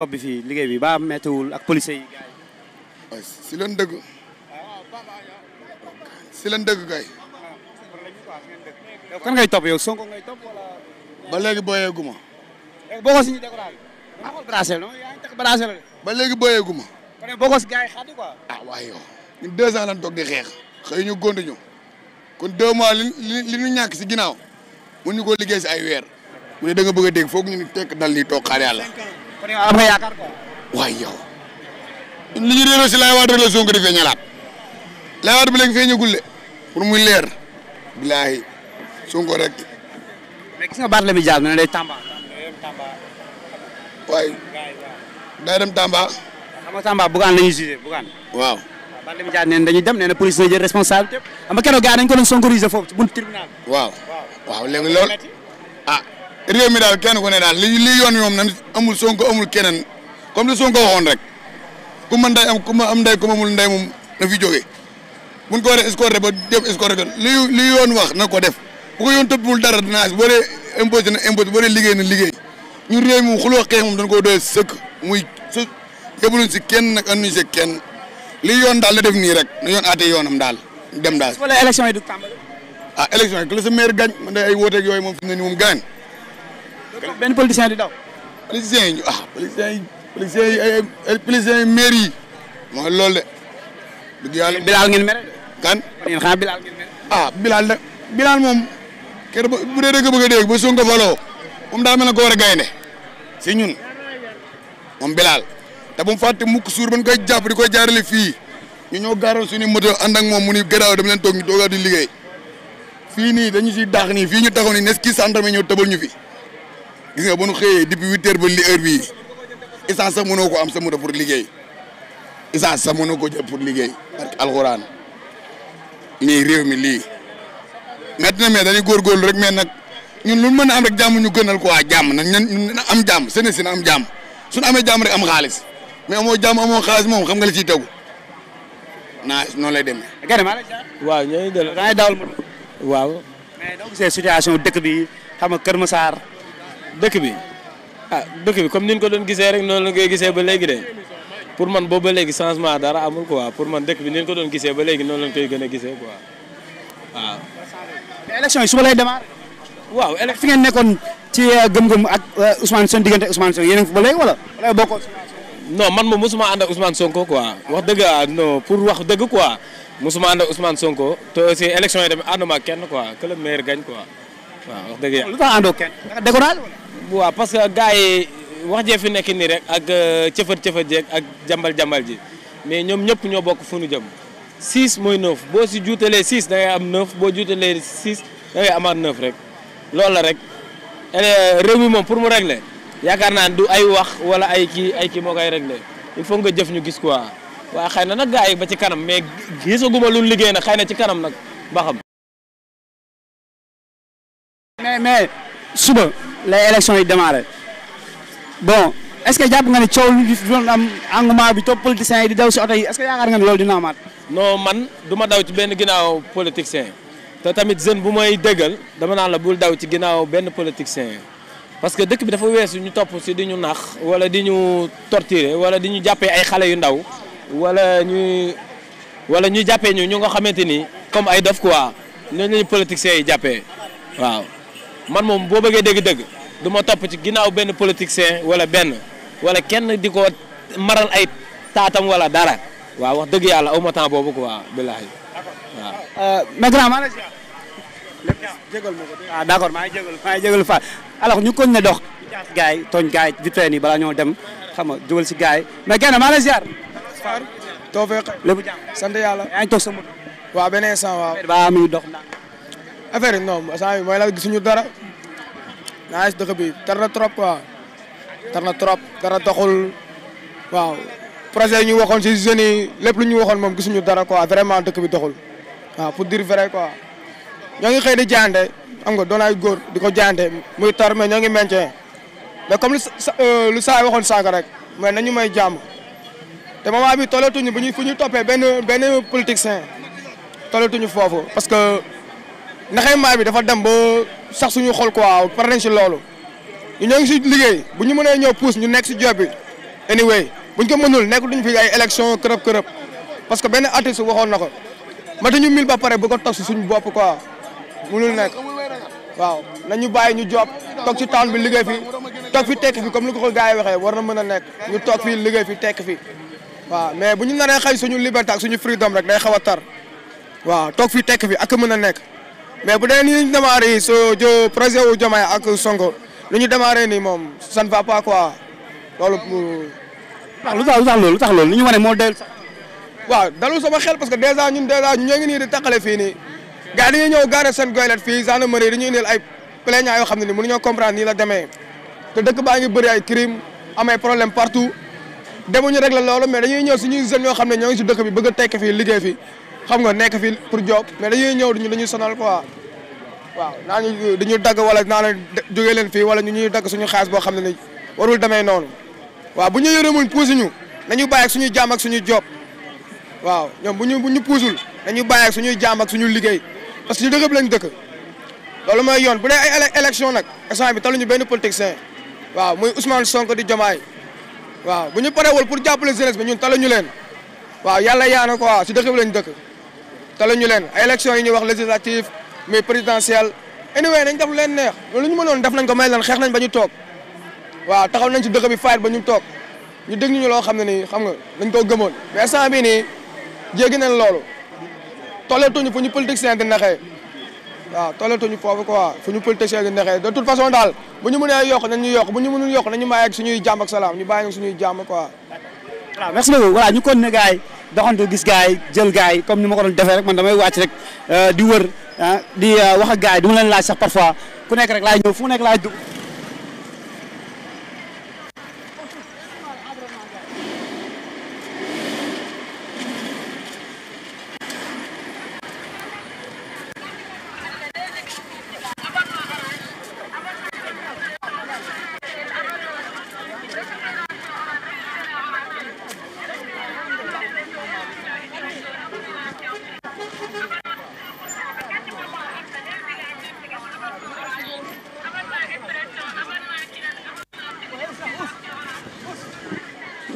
bopp bi fii liggéey bi ba mettiwul ak police yi gaay si leen dëgg si leen dëgg gaay yow kan ngay topp yow Sonko ba léegi booyeeguma boo ko siñu découragé ma ah, xool brasé la yaa ngi takk brasé la ba léegi booyeeguma kon ko si gars ah waaye yow ñun deux di xeex xëy ñu gónd kon deux li li ñu ñàkk si ginnaaw mun ñu ko liggéey si ay weer mu ne da nga bëgg a dégg foog ñu ni tekk dal nii toog xaar yàlla kon yow am nga yaakaar quoi. waaye yow li ñu réeroo si Laye Wade rek la Sonko di feeñalaat Laye Wade bi léegi feeñagul de pour muy leer bilaahi Sonko rek. mais gis nga Barthélémy Dias ne day Tamba. waaye day dem Tamba. xam nga Tamba Bougane la ñuy jugé Bougane. waaw. Barthélémy Dias nee dañuy dem nee na police na jël responsabilité am nga keroog gars dañ ko doon sonkorisé foofu ci buntu tribunal. waaw waaw léegi loolu ah. réew mi daal kenn ku ne daal li li yoon yoom nan amul sonk amul keneen comme li Sonko waxoon rek ku ma nday am am nday ku ma amul nday moom na fi jógee buñ ko war a escorté ba def escorté ko li li yoon wax na ko def bu ko yoon tëbbuwul dara dinaa ba dee imposé na imposé boo dee liggéey na liggéey ñun réew mi xuloo xeex moom dañ koo doy sëkk muy së yëbaluñ si kenn nag anduñ si kenn li yoon daal la def nii rek na yoon aate yoonam daal dem daal. wala élection yi du tàmbali. ah élection yi que sa maire gañ man de ay wooteeg yooyu moom fi mu ne benn politicien di daw. politicien yi ñu ah politicien yi politicien yi ay ay politicien de. dëgg yàlla bilaal ngeen mere. kan yéen xanaa bilaal ngeen mere. ah bilaal nag bilaal moom kenn bu dee dëgg bëgg a dégg ba Sonko faloo moom daa mel ne góor a gaynde si ñun moom bilaal te bu mu fàtte mukk suur ba ñu koy jàpp di koy jaarale fii ñu ñoo gaaroon suñu moto ànd ak moom mu ni garaaw dama leen toog ñu di liggéey fii nii dañu siy daax nii fii ñu taxaw nii nes kii sandarme ñëw tëbal ñu fi gis nga ba nu xëyee depuis huit heures ba li heure bii essence sax mënoo ko am sa moto pour liggéey essence sax mënoo ko jël pour liggéey parce que alxuraan lii réew mi lii. metti na mais dañuy góorgóorlu rek me nag ñun lu mën a am rek jàmm ñu gënal ko jàmm nag ñun am jàmm seen si na am jàmm suñu amee jàmm rek am xaalis mais amoo jàmm amoo xaalis moom xam nga li ciy tegu naa noonu lay demee. gërëm maa waaw ñooy delloo da ngay dawal waaw. mais doo gisee situation dëkk bi xam a Kër Massar dëkk bi ah dëkk bi comme nin ko doon gisee rek noonu la koy gisee ba léegi de pour man booba ba léegi changement dara amul quoi pour man dëkk bi ni ko doon gisee ba léegi noonu lañ koy gën a gisee quoi waaw. mais élection yi suba fi ngeen nekkoon ci euh, gëm-gëm ak euh, Ousmane Sonko diggante Ousmane Sonko yéen a ngi ba léegi wala wala man moom mosuma ànd ak Ousmane Sonko quoi wax dëgg ah non pour wax dëgg quoi mosuma ànd ak Ousmane Sonko te aussi élection yi tamit ànduma ak kenn quoi que le meilleur gagne quoi waaw wax dëgg yàlla. waaw parce que gars yi wax jee fi nekk nii rek ak euh, cëfat cëfat jeeg ak jambal jambal ji mais ñoom ñëpp ñoo bokk fu ñu jëm 6 mooy 9 boo si juutalee 6 da ngay am 9 boo juutalee 6 da ngay amaat 9 rek loolu la rek euh, réew mi moom pour mu régler yaakaar naa du ay wax wala ay kii ay kii moo koy régler il faut nga jëf ñu gis quoi waa xëy na nag gars yi ba ci kanam mais gisaguma lu liggéey nag xëy na ci kanam nag ba xam suba lay élection yi démarré bon est-ce que jàpp nga ne coow lu doon am engouement bi topp politiciens yi di daw si oto yi est-ce que yaakaar nga ne loolu dina amaat. non man du ma daw ci benn ginnaaw politicien te tamit jeune bu may déggal dama naan la bul daw ci ginnaaw benn politicien parce que dëkk bi dafa weesu ñu topp si di ñu nax wala di ñu torturer wala di ñu jàppee ay xale yu ndaw walla ñuy ñu jàppee ñu ñu nga xamante ni comme ay dof quoi ñooñu la ñu yi jàppee waaw. man moom boo bëggee dégg-dégg du ma topp ci ginnaaw benn politicien wala benn wala kenn di ko maral ay taatam wala dara waaw wax dëgg yàlla aw ma boobu quoi billaahi waaw. mais grand maa ngi jégal ma ko ah d' accord euh, maa maa ngi jégalu ñu koñ ne dox. gaay yi tooñ ñoo dem xam nga jógal si gaay yi mais kenn maa ngi lay ziar. Fall fekk lépp sant yàlla. yaa ngi toog affaire yi non saa yi mooy la gisuñu dara naa dëkk bi tar na trop quoi tar na trop dara doxul waaw projet yi ñu waxoon si jeunes yi lépp lu ñu waxoon moom gisuñu dara ko vraiment dëkk bi doxul waaw pour dire vrai quoi ñoo ngi xëy di jaante xam nga doon ay góor di ko jaante muy tar mais ñoo ngi meññee mais comme euh, lu saa yi waxoon sànq rek na ñu may jàmm te moment bi tollatuñu bu ñuy fu ñuy toppee benn benn politicien tollatuñu foofu naxembaay bi dafa dem ba sax suñu xol quoi pare na si loolu ñu ngi si liggéey bu ñu mënee ñëw puus ñu nekk si job bi anyway bu ñu ko mënul nekk duñ fi ay élection kërëb kërëb parce que benn artiste waxoon na ko ñu mil ba pare bu ko toog si suñu bopp quoi mënul nekk waaw na ñu bàyyi ñu job toog si town bi liggéey fi toog fi tekk fi comme ni ko ko gars yi waxee war na mën a nekk ñu toog fii liggéey fi tekk fi waaw mais bu ñu naree xëy suñu liberté ak suñu freedom rek day xaw a tar waaw toog fi tekk fi ak mën a nekk mais bu dee nii ñu démarré yi soo jo projet ak Sonko lu ñu démarré nii moom ça ne va pas quoi loolu. waaw lu tax lu tax loolu lu tax ñu wane moo del sax. waaw dalul sama xel parce que dèjà ñun dèjà ñoo ngi nii di fii nii gars yi dañuy ñëw gaare seen goylet fii gendarmerie dañuy indil xam ne nii mënuñoo comprendre nii la demee te dëkk baa ngi bëri ay crime am ay partout demuñu régler loolu mais dañuy ñëw suñuy jeunes yoo xam ne ñoo ngi si dëkk bi bëgg a tekki fii liggéey fii xam nga nekk fi pour job mais dañuy ñëw ñu dañuy sonal quoi waaw naa ñu dañuy dagg wala naa leen jógee leen fii wala ñu ñuy dagg suñu xaalis boo xam ne ni warul demee noonu waaw bu ñu yërëmuñ puusi ñu nañu bàyyi ak suñuy jaam ak suñuy job waaw ñoom bu ñu bu ñu puusul nañu bàyyi ak suñuy jaam ak suñuy liggéey parce que ñu dëgëb lañ dëkk loolu mooy yoon bu dee ay élection nag instant bi taluñu benn politicien waaw muy Ousmane Sonko di Diomaye waaw bu ñu parewul pour jàppale jeunesse bi ñun taluñu leen waaw yàlla yaa na quoi si lañ dëkk taluñu leen ay élection yi ñuy wax législative mais présidentielle anyway nañ def lu leen neex lu ñu mënoon def nañ ko may leen xeex nañ ba ñu toog waaw taxaw nañ ci dëkk bi fayit ba ñu toog ñu dégg ñu loo xam ne nii xam nga dañ koo gëmoon mais instant bii nii jéggi nañ loolu tollatuñu fu ñu politicien di naxee waaw tollatuñu foofu quoi fu ñu politicien di naxee de toute façon daal bu ñu mënee yokk nañ ñu yokk bu ñu mënul yokk nañ ñu may ak suñuy jàmm ak salaam ñu bàyyi suñuy jàmm quoi. voilà merci beaucoup voilà ñu kon ne yi doxantu gis gars jël gars yi comme ni ma ko doon defee rek man damay wàcc rek euh, di wër ah, di euh, wax ak gars yi du ma leen laaj sax parfois ku nekk rek laay ñëw fu nekk laay dugg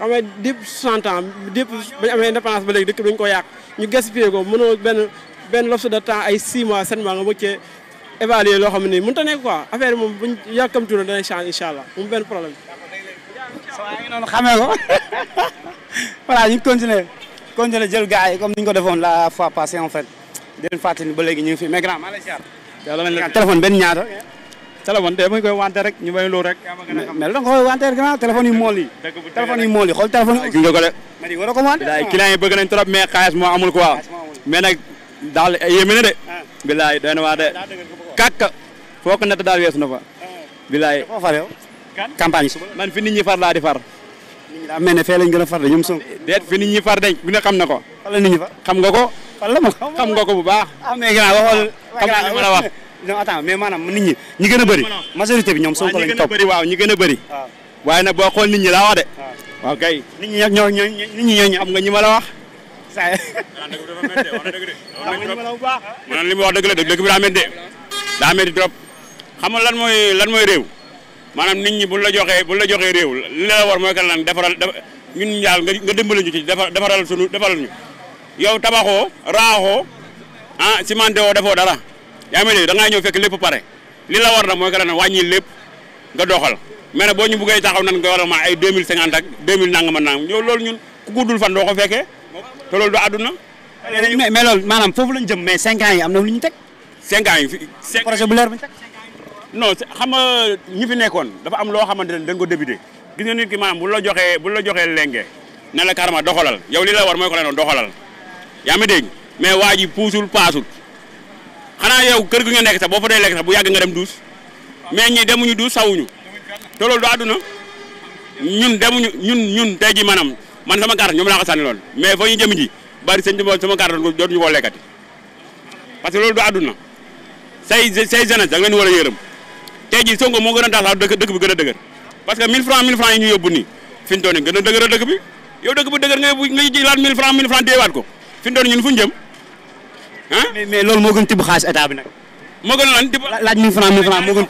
xam nga depuis 60 ans depuis ba ñu amee indépendance ba léegi dëkk bi ñu ko yàq ñu gaspillé ko mënoo benn benn laps de temps ay 6 mois 7 mois nga mëccee loo xam ne mënut a nekk quoi affaire moom buñ yàkkamtu la danay change incha allah moom benn problème. waaw yaa ngi noonu xamee ko voilà ñu continuer continuer jël gars yi comme ni ko defoon la fois passée en fait di leen fàttali ba léegi ñu ngi fi mais grand maa ngi lay ziar. téléphone benn ñaata. téléphone te ma koy wante rek ñu may loolu rek. mais lan nga koy wante rek gannaaw ah, téléphone yu mool yi. téléphone yu mool yi xool téléphone yi. gis nga ko de. ma di war a ko wante. bilaay client yi bëgg nañ trop mais xaalis moo amul quoi. mais nag daal eh, yéeme na de. Ah. bilaay doy na waa de. kàkk foo ko natt daal weesu na fa. Ah. bilaay foo far yow. campagne suba man fi nit ñi far laa di far. nit ñi daa mel ne fee lañ gën a far de ñoom Sonko. déet fi nit ñi far de bu ne xam na ko. fan la nit ñi far xam nga ko. fan la ma xam nga ko bu baax. ah mais gannaaw waxoon xam nga li ma la wax non attends mais maanaam nit ñi ñi gën a bëri majorité bi ñoom Sonko lañ topp ñi gën a bëri waaw waaye nag boo xool nit ñi laa wax de waaw kay nit ñi ñoo ñoo nit am nga ñi ma la wax saa mu li mu wax dëgg la dëgg bi daa métti daa xam nga lan mooy lan mooy réew maanaam nit ñi bu la joxee bu la joxee réew li la war mooy kan lan defaral ñun ñaar nga dimbali ñu ci defaral sunu defaral ñu yow tabaxoo raaxoo ah cimenté woo defoo dara yaa ngi dégg da ngaa ñëw fekk lépp pare li la war na mooy que ne wàññi lépp nga doxal mais nag boo ñu buggee taxaw nan nga war ma ay 2050 ak 2000 nangam ak nangam ñëw loolu ñun ku guddul fan doo ko te loolu du àdduna. mais mais loolu maanaam foofu lañ jëm mais 5 ans yi am na lu ñu teg. 5 ans yi fi projet bu xam nga ñi fi nekkoon dafa am loo xamante ne dañ ko débuté gis nga nit ki maanaam bu la joxee bu la joxee lenge ne la a doxalal yow li la war mooy ko la doon doxalal yaa ngi dégg mais waa ji xanaa yow kër gu nga nekk sax boo fa dee lekk sax bu yàgg nga dem duus mais ñii demuñu duus sawuñu te du àdduna ñun demuñu ñun ñun tey maanaam man sama carte ñoom laa ko sànni lool mais fa ñu jëm ji bari sëñ bi sama carte dootuñu koo lekkati parce que loolu du àdduna say say jeunesse da nga leen war a yërëm tey ji Sonko moo gën a tax sax dëkk dëkk bi gën a dëgër parce que 1000 francs 1000 francs yi ñu yóbbu nii fi gën a dëgër a dëkk bi yow dëkk bu dëgër mais mais loolu moo gën tibb xaalis état bi nag. moo gën lan tibb laaj 1000 francs 1000 francs moo gën.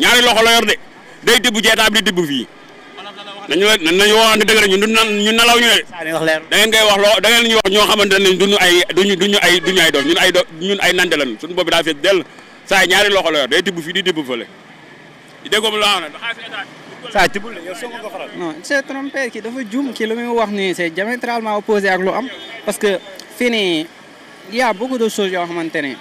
ñaari loxo la de day tibb ci état di tibb fii nañu ñu nalaw ne. da ngeen koy wax loo da ngeen ñuy wax ñoo xamante ne duñu ay duñu duñu ay duñu ay dof ñun ay dof ñun ay la yor day tibb di tibb fële déggoo mu la wax nag. kii dafa juum ki lu muy wax nii c'est diamétralement opposé ak lu am parce que fii y a beaucoup de choses yoo xamante ne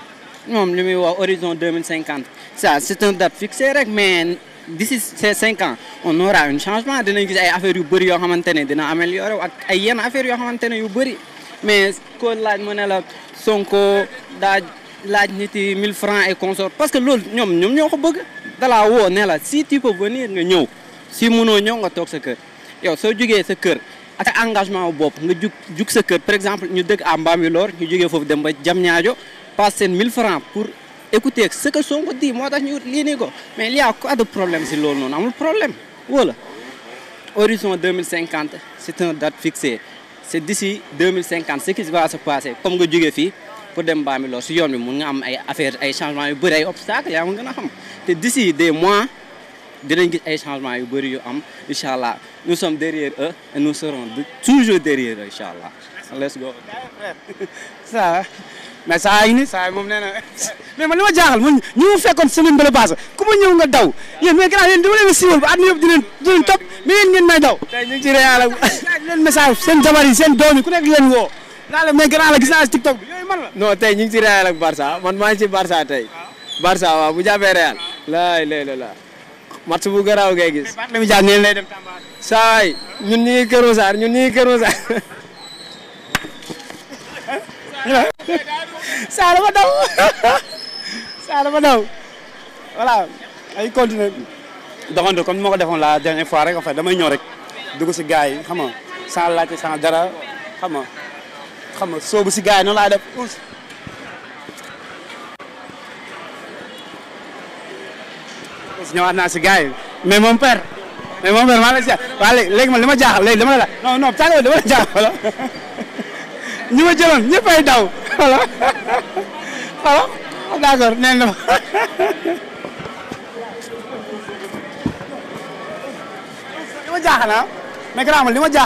moom li muy wax horizon deux mille cinquante ça c' est rek mais d'ici ces cinq ans on aura un changement dinañ gis ay affaire yu bëri yoo xamante ne dina amélioré ak ay yenn affaire yoo xamante ne yu bëri mais ko laaj mu ne la Sonko daa laaj nit mille francs et consort parce que loolu ñoom ñoom ñoo ko bëgg dalaa woo ne la si tu peux venir nga ñëw si mënoo ñëw nga toog sa kër yow soo jógee sa kër ak engagement wu nga jug jug sa kër par exemple ñu dëkk à Mbambilor ñu jógee foofu dem ba jam passe seen 1000 francs pour écouter ce que Sonko di moo tax ñu lii nii ko mais il y a quoi problème si loolu noonu amul problème wala horizon 2050 c'est une date fixée c'est d'ici 2050 ce qui va se comme nga jógee fii pour dem Mbambilor si yoon bi mun nga am ay affaire ay changements yu bëri ay obstacles yaa ngi gën a xam te d'ici des mois dinañ gis ay changement yu bëri yu am incha allah nous sommes derrière eux et nous serons toujours derrière eux incha allah. let's go. ça mais saa yi nii moom nee ma jaaxal man ñu mu fekkoon semaine bële passé ku ma ñëw nga daw yéen mais grand yëpp di leen di leen topp mais yéen ngeen message seen jabar yi seen doom yi ku nekk leen woo. naa la mais grand la gis naa si TikTok tey ñu ngi ci réel ak Barça man maa ngi ci Barça tey ah. Barça waaw bu match bu garaaw ngay gis. mais Barthélémy Dias nee lay dem Tamba. saa yi ñun ñu ngi Kër Massar ñun ñu ngi Kër Massar. saa dafa daw saa dafa daw voilà ay continuer doxantu comme ni ma ko defoon la dernière fois rek en fait damay ñëw rek dugg si gars yi xam nga sans laajte sans dara xam nga xam soobu si gars noonu laa def. ñëwaat naa si gars yi mais mon père mais mon maa ngi lay ziar waaw li ma jaaxal léegi dama la laaj non non tàngoor dama la jaaxal wala ñi ma jëloon ñëpp ay daw wala wala d'accord nee na ma. li ma jaaxal ah mais li ma jaaxal.